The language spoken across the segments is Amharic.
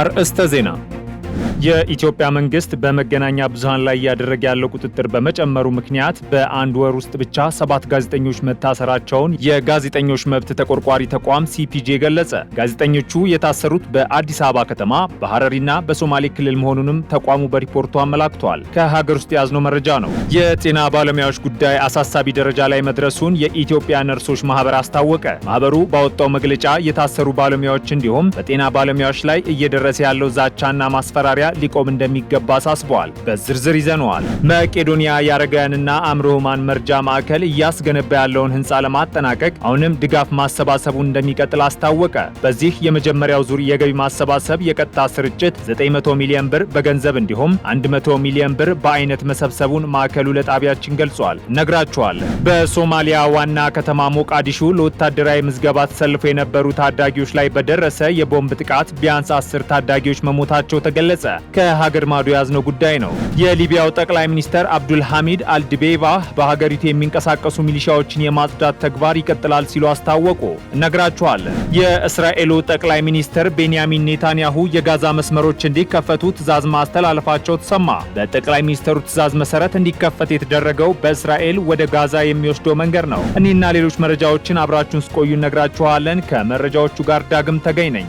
አርእስተ ዜና የኢትዮጵያ መንግስት በመገናኛ ብዙሃን ላይ እያደረገ ያለው ቁጥጥር በመጨመሩ ምክንያት በአንድ ወር ውስጥ ብቻ ሰባት ጋዜጠኞች መታሰራቸውን የጋዜጠኞች መብት ተቆርቋሪ ተቋም ሲፒጄ ገለጸ። ጋዜጠኞቹ የታሰሩት በአዲስ አበባ ከተማ በሐረሪና በሶማሌ ክልል መሆኑንም ተቋሙ በሪፖርቱ አመላክቷል። ከሀገር ውስጥ የያዝነው መረጃ ነው። የጤና ባለሙያዎች ጉዳይ አሳሳቢ ደረጃ ላይ መድረሱን የኢትዮጵያ ነርሶች ማህበር አስታወቀ። ማህበሩ ባወጣው መግለጫ የታሰሩ ባለሙያዎች እንዲሁም በጤና ባለሙያዎች ላይ እየደረሰ ያለው ዛቻና ማስፈራሪያ መመሪያ ሊቆም እንደሚገባ አሳስበዋል። በዝርዝር ይዘነዋል። መቄዶንያ የአረጋውያንና አእምሮ ህሙማን መርጃ ማዕከል እያስገነባ ያለውን ህንፃ ለማጠናቀቅ አሁንም ድጋፍ ማሰባሰቡ እንደሚቀጥል አስታወቀ። በዚህ የመጀመሪያው ዙር የገቢ ማሰባሰብ የቀጥታ ስርጭት 900 ሚሊዮን ብር በገንዘብ እንዲሁም 100 ሚሊዮን ብር በአይነት መሰብሰቡን ማዕከሉ ለጣቢያችን ገልጿል። ነግራችኋል። በሶማሊያ ዋና ከተማ ሞቃዲሾ ለወታደራዊ ምዝገባ ተሰልፎ የነበሩ ታዳጊዎች ላይ በደረሰ የቦምብ ጥቃት ቢያንስ አስር ታዳጊዎች መሞታቸው ተገለጸ። ከሀገር ማዶ የያዝነው ጉዳይ ነው። የሊቢያው ጠቅላይ ሚኒስተር አብዱልሐሚድ አልድቤባ በሀገሪቱ የሚንቀሳቀሱ ሚሊሻዎችን የማጽዳት ተግባር ይቀጥላል ሲሉ አስታወቁ። እነግራችኋለን። የእስራኤሉ ጠቅላይ ሚኒስትር ቤንያሚን ኔታንያሁ የጋዛ መስመሮች እንዲከፈቱ ትዕዛዝ ማስተላለፋቸው ተሰማ። በጠቅላይ ሚኒስተሩ ትዕዛዝ መሰረት እንዲከፈት የተደረገው በእስራኤል ወደ ጋዛ የሚወስደው መንገድ ነው። እኒህና ሌሎች መረጃዎችን አብራችሁን ስቆዩ እነግራችኋለን። ከመረጃዎቹ ጋር ዳግም ተገኝ ነኝ።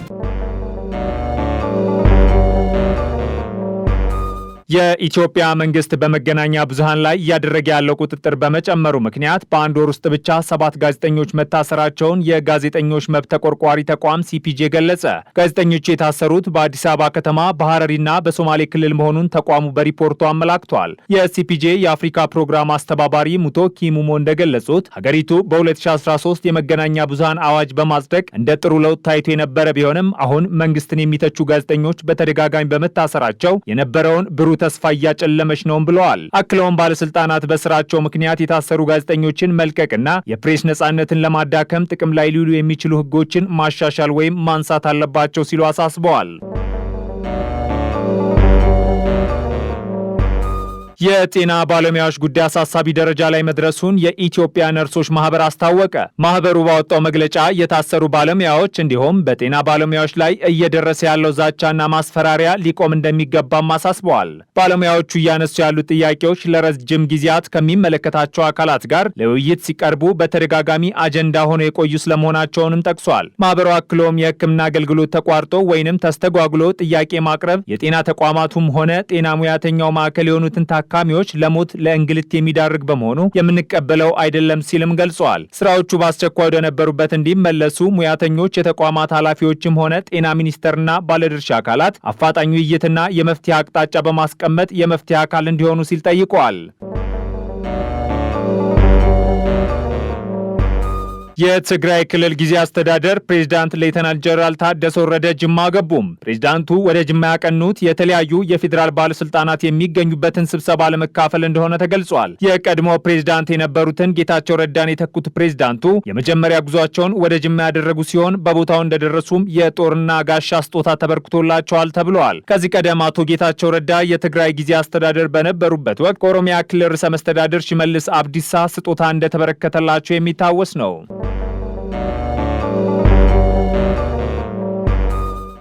የኢትዮጵያ መንግስት በመገናኛ ብዙሃን ላይ እያደረገ ያለው ቁጥጥር በመጨመሩ ምክንያት በአንድ ወር ውስጥ ብቻ ሰባት ጋዜጠኞች መታሰራቸውን የጋዜጠኞች መብት ተቆርቋሪ ተቋም ሲፒጄ ገለጸ። ጋዜጠኞቹ የታሰሩት በአዲስ አበባ ከተማ በሐረሪና በሶማሌ ክልል መሆኑን ተቋሙ በሪፖርቱ አመላክቷል። የሲፒጄ የአፍሪካ ፕሮግራም አስተባባሪ ሙቶ ኪሙሞ እንደገለጹት ሀገሪቱ በ2013 የመገናኛ ብዙሃን አዋጅ በማጽደቅ እንደ ጥሩ ለውጥ ታይቶ የነበረ ቢሆንም አሁን መንግስትን የሚተቹ ጋዜጠኞች በተደጋጋሚ በመታሰራቸው የነበረውን ብሩ ተስፋ እያጨለመች ነውም ብለዋል። አክለውም ባለስልጣናት በስራቸው ምክንያት የታሰሩ ጋዜጠኞችን መልቀቅና የፕሬስ ነጻነትን ለማዳከም ጥቅም ላይ ሊውሉ የሚችሉ ህጎችን ማሻሻል ወይም ማንሳት አለባቸው ሲሉ አሳስበዋል። የጤና ባለሙያዎች ጉዳይ አሳሳቢ ደረጃ ላይ መድረሱን የኢትዮጵያ ነርሶች ማህበር አስታወቀ። ማህበሩ ባወጣው መግለጫ የታሰሩ ባለሙያዎች እንዲሁም በጤና ባለሙያዎች ላይ እየደረሰ ያለው ዛቻና ማስፈራሪያ ሊቆም እንደሚገባም አሳስበዋል። ባለሙያዎቹ እያነሱ ያሉት ጥያቄዎች ለረጅም ጊዜያት ከሚመለከታቸው አካላት ጋር ለውይይት ሲቀርቡ በተደጋጋሚ አጀንዳ ሆነው የቆዩ ስለመሆናቸውንም ጠቅሷል። ማህበሩ አክሎም የሕክምና አገልግሎት ተቋርጦ ወይንም ተስተጓጉሎ ጥያቄ ማቅረብ የጤና ተቋማቱም ሆነ ጤና ሙያተኛው ማዕከል የሆኑትን ታካ ታካሚዎች ለሞት ለእንግልት የሚዳርግ በመሆኑ የምንቀበለው አይደለም ሲልም ገልጸዋል። ስራዎቹ በአስቸኳይ ወደነበሩበት እንዲመለሱ ሙያተኞች፣ የተቋማት ኃላፊዎችም ሆነ ጤና ሚኒስቴርና ባለድርሻ አካላት አፋጣኝ ውይይትና የመፍትሄ አቅጣጫ በማስቀመጥ የመፍትሄ አካል እንዲሆኑ ሲል ጠይቀዋል። የትግራይ ክልል ጊዜ አስተዳደር ፕሬዚዳንት ሌተናል ጀነራል ታደሰ ወረደ ጅማ ገቡም። ፕሬዚዳንቱ ወደ ጅማ ያቀኑት የተለያዩ የፌዴራል ባለስልጣናት የሚገኙበትን ስብሰባ ለመካፈል እንደሆነ ተገልጿል። የቀድሞ ፕሬዚዳንት የነበሩትን ጌታቸው ረዳን የተኩት ፕሬዚዳንቱ የመጀመሪያ ጉዟቸውን ወደ ጅማ ያደረጉ ሲሆን በቦታው እንደደረሱም የጦርና ጋሻ ስጦታ ተበርክቶላቸዋል ተብለዋል። ከዚህ ቀደም አቶ ጌታቸው ረዳ የትግራይ ጊዜ አስተዳደር በነበሩበት ወቅት ከኦሮሚያ ክልል ርዕሰ መስተዳደር ሽመልስ አብዲሳ ስጦታ እንደተበረከተላቸው የሚታወስ ነው።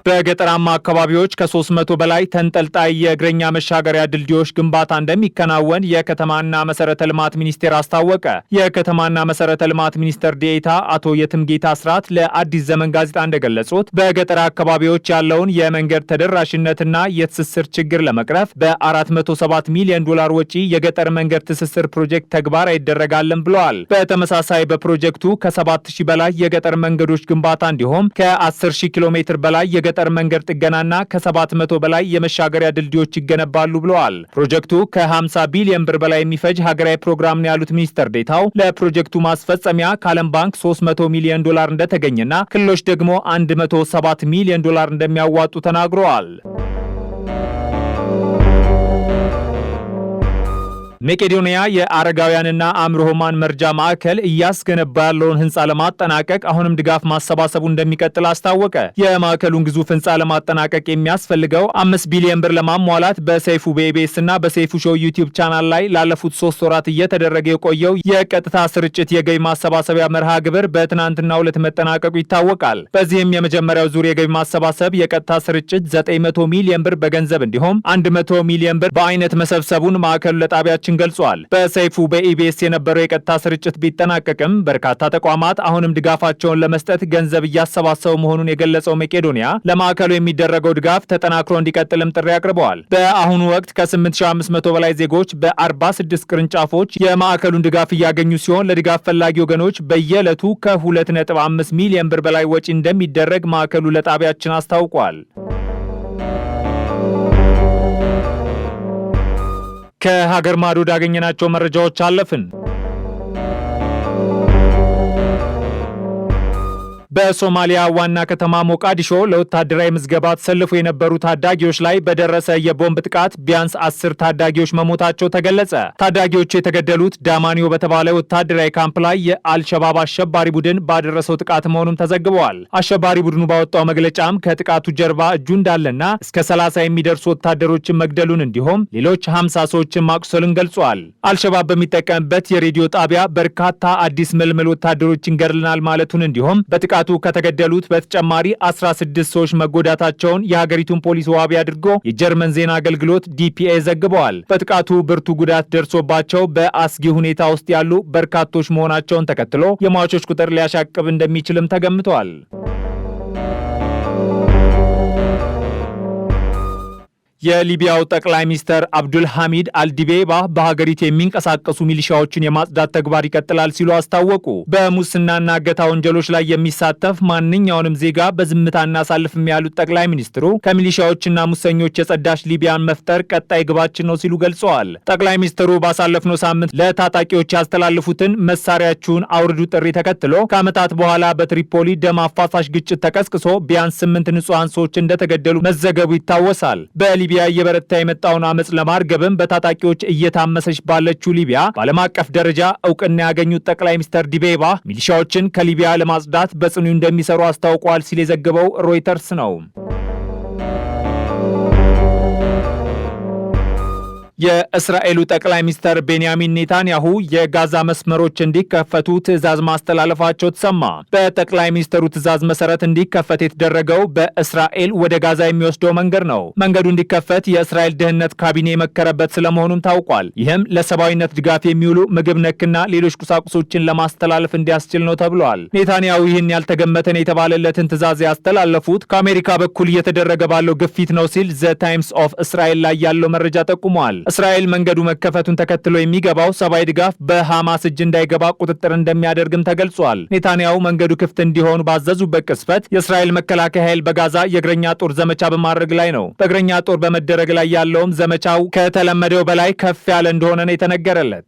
በገጠራማ አካባቢዎች ከ300 በላይ ተንጠልጣይ የእግረኛ መሻገሪያ ድልድዮች ግንባታ እንደሚከናወን የከተማና መሰረተ ልማት ሚኒስቴር አስታወቀ። የከተማና መሰረተ ልማት ሚኒስቴር ዴኤታ አቶ የትምጌታ ስርዓት ለአዲስ ዘመን ጋዜጣ እንደገለጹት በገጠር አካባቢዎች ያለውን የመንገድ ተደራሽነትና የትስስር ችግር ለመቅረፍ በ 47 ሚሊዮን ዶላር ወጪ የገጠር መንገድ ትስስር ፕሮጀክት ተግባራዊ ይደረጋለን ብለዋል። በተመሳሳይ በፕሮጀክቱ ከ7000 በላይ የገጠር መንገዶች ግንባታ እንዲሁም ከ10000 ኪሎ ሜትር በላይ የገጠር መንገድ ጥገናና ከ700 በላይ የመሻገሪያ ድልድዮች ይገነባሉ ብለዋል። ፕሮጀክቱ ከ50 ቢሊዮን ብር በላይ የሚፈጅ ሀገራዊ ፕሮግራም ነው ያሉት ሚኒስተር ዴታው ለፕሮጀክቱ ማስፈጸሚያ ከዓለም ባንክ 300 ሚሊዮን ዶላር እንደተገኘና ክልሎች ደግሞ 107 ሚሊዮን ዶላር እንደሚያዋጡ ተናግረዋል። መቄዶንያ የአረጋውያንና አእምሮ መርጃ ማዕከል እያስገነባ ያለውን ህንፃ ለማጠናቀቅ አሁንም ድጋፍ ማሰባሰቡ እንደሚቀጥል አስታወቀ። የማዕከሉን ግዙፍ ህንፃ ለማጠናቀቅ የሚያስፈልገው አምስት ቢሊዮን ብር ለማሟላት በሰይፉ በኢቢኤስ እና በሰይፉ ሾው ዩቲዩብ ቻናል ላይ ላለፉት ሶስት ወራት እየተደረገ የቆየው የቀጥታ ስርጭት የገቢ ማሰባሰቢያ መርሃ ግብር በትናንትናው ዕለት መጠናቀቁ ይታወቃል። በዚህም የመጀመሪያው ዙር የገቢ ማሰባሰብ የቀጥታ ስርጭት 900 ሚሊዮን ብር በገንዘብ እንዲሁም 100 ሚሊዮን ብር በአይነት መሰብሰቡን ማዕከሉ ለጣቢያችን መሆናቸውን ገልጿል። በሰይፉ በኢቢኤስ የነበረው የቀጥታ ስርጭት ቢጠናቀቅም በርካታ ተቋማት አሁንም ድጋፋቸውን ለመስጠት ገንዘብ እያሰባሰቡ መሆኑን የገለጸው መቄዶንያ ለማዕከሉ የሚደረገው ድጋፍ ተጠናክሮ እንዲቀጥልም ጥሪ አቅርበዋል። በአሁኑ ወቅት ከ8500 በላይ ዜጎች በ46 ቅርንጫፎች የማዕከሉን ድጋፍ እያገኙ ሲሆን ለድጋፍ ፈላጊ ወገኖች በየዕለቱ ከ2.5 ሚሊዮን ብር በላይ ወጪ እንደሚደረግ ማዕከሉ ለጣቢያችን አስታውቋል። ከሀገር ማዶ ወዳገኘናቸው መረጃዎች አለፍን። በሶማሊያ ዋና ከተማ ሞቃዲሾ ለወታደራዊ ምዝገባ ተሰልፎ የነበሩ ታዳጊዎች ላይ በደረሰ የቦምብ ጥቃት ቢያንስ አስር ታዳጊዎች መሞታቸው ተገለጸ። ታዳጊዎቹ የተገደሉት ዳማኒዮ በተባለ ወታደራዊ ካምፕ ላይ የአልሸባብ አሸባሪ ቡድን ባደረሰው ጥቃት መሆኑም ተዘግበዋል። አሸባሪ ቡድኑ ባወጣው መግለጫም ከጥቃቱ ጀርባ እጁ እንዳለና እስከ 30 የሚደርሱ ወታደሮችን መግደሉን እንዲሁም ሌሎች 50 ሰዎችን ማቁሰሉን ገልጿል። አልሸባብ በሚጠቀምበት የሬዲዮ ጣቢያ በርካታ አዲስ ምልምል ወታደሮችን ገድለናል ማለቱን እንዲሁም በጥቃ በጥቃቱ ከተገደሉት በተጨማሪ 16 ሰዎች መጎዳታቸውን የሀገሪቱን ፖሊስ ዋቢ አድርጎ የጀርመን ዜና አገልግሎት ዲፒኤ ዘግበዋል። በጥቃቱ ብርቱ ጉዳት ደርሶባቸው በአስጊ ሁኔታ ውስጥ ያሉ በርካቶች መሆናቸውን ተከትሎ የሟቾች ቁጥር ሊያሻቅብ እንደሚችልም ተገምተዋል። የሊቢያው ጠቅላይ ሚኒስትር አብዱልሐሚድ አልዲቤባ በሀገሪቱ የሚንቀሳቀሱ ሚሊሻዎችን የማጽዳት ተግባር ይቀጥላል ሲሉ አስታወቁ። በሙስናና እገታ ወንጀሎች ላይ የሚሳተፍ ማንኛውንም ዜጋ በዝምታ እናሳልፍም ያሉት ጠቅላይ ሚኒስትሩ ከሚሊሻዎችና ሙሰኞች የጸዳች ሊቢያን መፍጠር ቀጣይ ግባችን ነው ሲሉ ገልጸዋል። ጠቅላይ ሚኒስትሩ ባሳለፍነው ሳምንት ለታጣቂዎች ያስተላልፉትን መሳሪያችሁን አውርዱ ጥሪ ተከትሎ ከዓመታት በኋላ በትሪፖሊ ደም አፋሳሽ ግጭት ተቀስቅሶ ቢያንስ ስምንት ንጹሐን ሰዎች እንደተገደሉ መዘገቡ ይታወሳል። በሊቢያ ሊቢያ እየበረታ የመጣውን አመፅ ለማርገብም በታጣቂዎች እየታመሰች ባለችው ሊቢያ በዓለም አቀፍ ደረጃ እውቅና ያገኙት ጠቅላይ ሚኒስትር ዲቤባ ሚሊሻዎችን ከሊቢያ ለማጽዳት በጽኑ እንደሚሰሩ አስታውቋል ሲል የዘገበው ሮይተርስ ነው። የእስራኤሉ ጠቅላይ ሚኒስትር ቤንያሚን ኔታንያሁ የጋዛ መስመሮች እንዲከፈቱ ትዕዛዝ ማስተላለፋቸው ተሰማ። በጠቅላይ ሚኒስትሩ ትዕዛዝ መሰረት እንዲከፈት የተደረገው በእስራኤል ወደ ጋዛ የሚወስደው መንገድ ነው። መንገዱ እንዲከፈት የእስራኤል ደህንነት ካቢኔ የመከረበት ስለመሆኑም ታውቋል። ይህም ለሰብአዊነት ድጋፍ የሚውሉ ምግብ ነክና ሌሎች ቁሳቁሶችን ለማስተላለፍ እንዲያስችል ነው ተብሏል። ኔታንያሁ ይህን ያልተገመተን የተባለለትን ትዕዛዝ ያስተላለፉት ከአሜሪካ በኩል እየተደረገ ባለው ግፊት ነው ሲል ዘ ታይምስ ኦፍ እስራኤል ላይ ያለው መረጃ ጠቁሟል። እስራኤል መንገዱ መከፈቱን ተከትሎ የሚገባው ሰብአዊ ድጋፍ በሐማስ እጅ እንዳይገባ ቁጥጥር እንደሚያደርግም ተገልጿል። ኔታንያሁ መንገዱ ክፍት እንዲሆኑ ባዘዙበት ቅስፈት የእስራኤል መከላከያ ኃይል በጋዛ የእግረኛ ጦር ዘመቻ በማድረግ ላይ ነው። በእግረኛ ጦር በመደረግ ላይ ያለውም ዘመቻው ከተለመደው በላይ ከፍ ያለ እንደሆነ ነው የተነገረለት።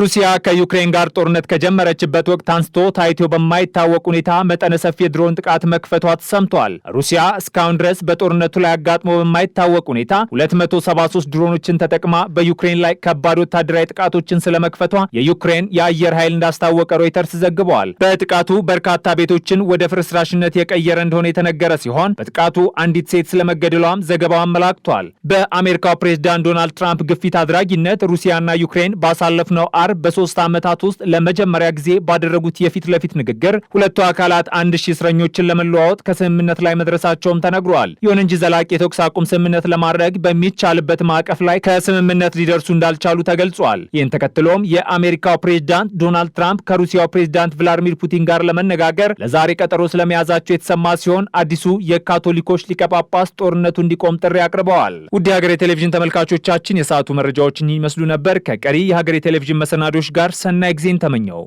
ሩሲያ ከዩክሬን ጋር ጦርነት ከጀመረችበት ወቅት አንስቶ ታይቶ በማይታወቅ ሁኔታ መጠነ ሰፊ የድሮን ጥቃት መክፈቷ ተሰምቷል። ሩሲያ እስካሁን ድረስ በጦርነቱ ላይ አጋጥሞ በማይታወቅ ሁኔታ 273 ድሮኖችን ተጠቅማ በዩክሬን ላይ ከባድ ወታደራዊ ጥቃቶችን ስለመክፈቷ የዩክሬን የአየር ኃይል እንዳስታወቀ ሮይተርስ ዘግበዋል። በጥቃቱ በርካታ ቤቶችን ወደ ፍርስራሽነት የቀየረ እንደሆነ የተነገረ ሲሆን በጥቃቱ አንዲት ሴት ስለመገደሏም ዘገባው አመላክቷል። በአሜሪካው ፕሬዝዳንት ዶናልድ ትራምፕ ግፊት አድራጊነት ሩሲያና ዩክሬን ባሳለፍነው አርብ በሶስት ዓመታት ውስጥ ለመጀመሪያ ጊዜ ባደረጉት የፊት ለፊት ንግግር ሁለቱ አካላት አንድ ሺህ እስረኞችን ለመለዋወጥ ከስምምነት ላይ መድረሳቸውም ተነግሯል። ይሁን እንጂ ዘላቂ የተኩስ አቁም ስምምነት ለማድረግ በሚቻልበት ማዕቀፍ ላይ ከስምምነት ሊደርሱ እንዳልቻሉ ተገልጿል። ይህን ተከትሎም የአሜሪካው ፕሬዝዳንት ዶናልድ ትራምፕ ከሩሲያው ፕሬዝዳንት ቭላዲሚር ፑቲን ጋር ለመነጋገር ለዛሬ ቀጠሮ ስለመያዛቸው የተሰማ ሲሆን አዲሱ የካቶሊኮች ሊቀ ጳጳስ ጦርነቱ እንዲቆም ጥሪ አቅርበዋል። ውድ የሀገሬ ቴሌቪዥን ተመልካቾቻችን የሰዓቱ መረጃዎችን ይመስሉ ነበር። ከቀሪ የሀገሬ ቴሌቪዥን መሰናዶች ጋር ሰናይ ጊዜን ተመኘው።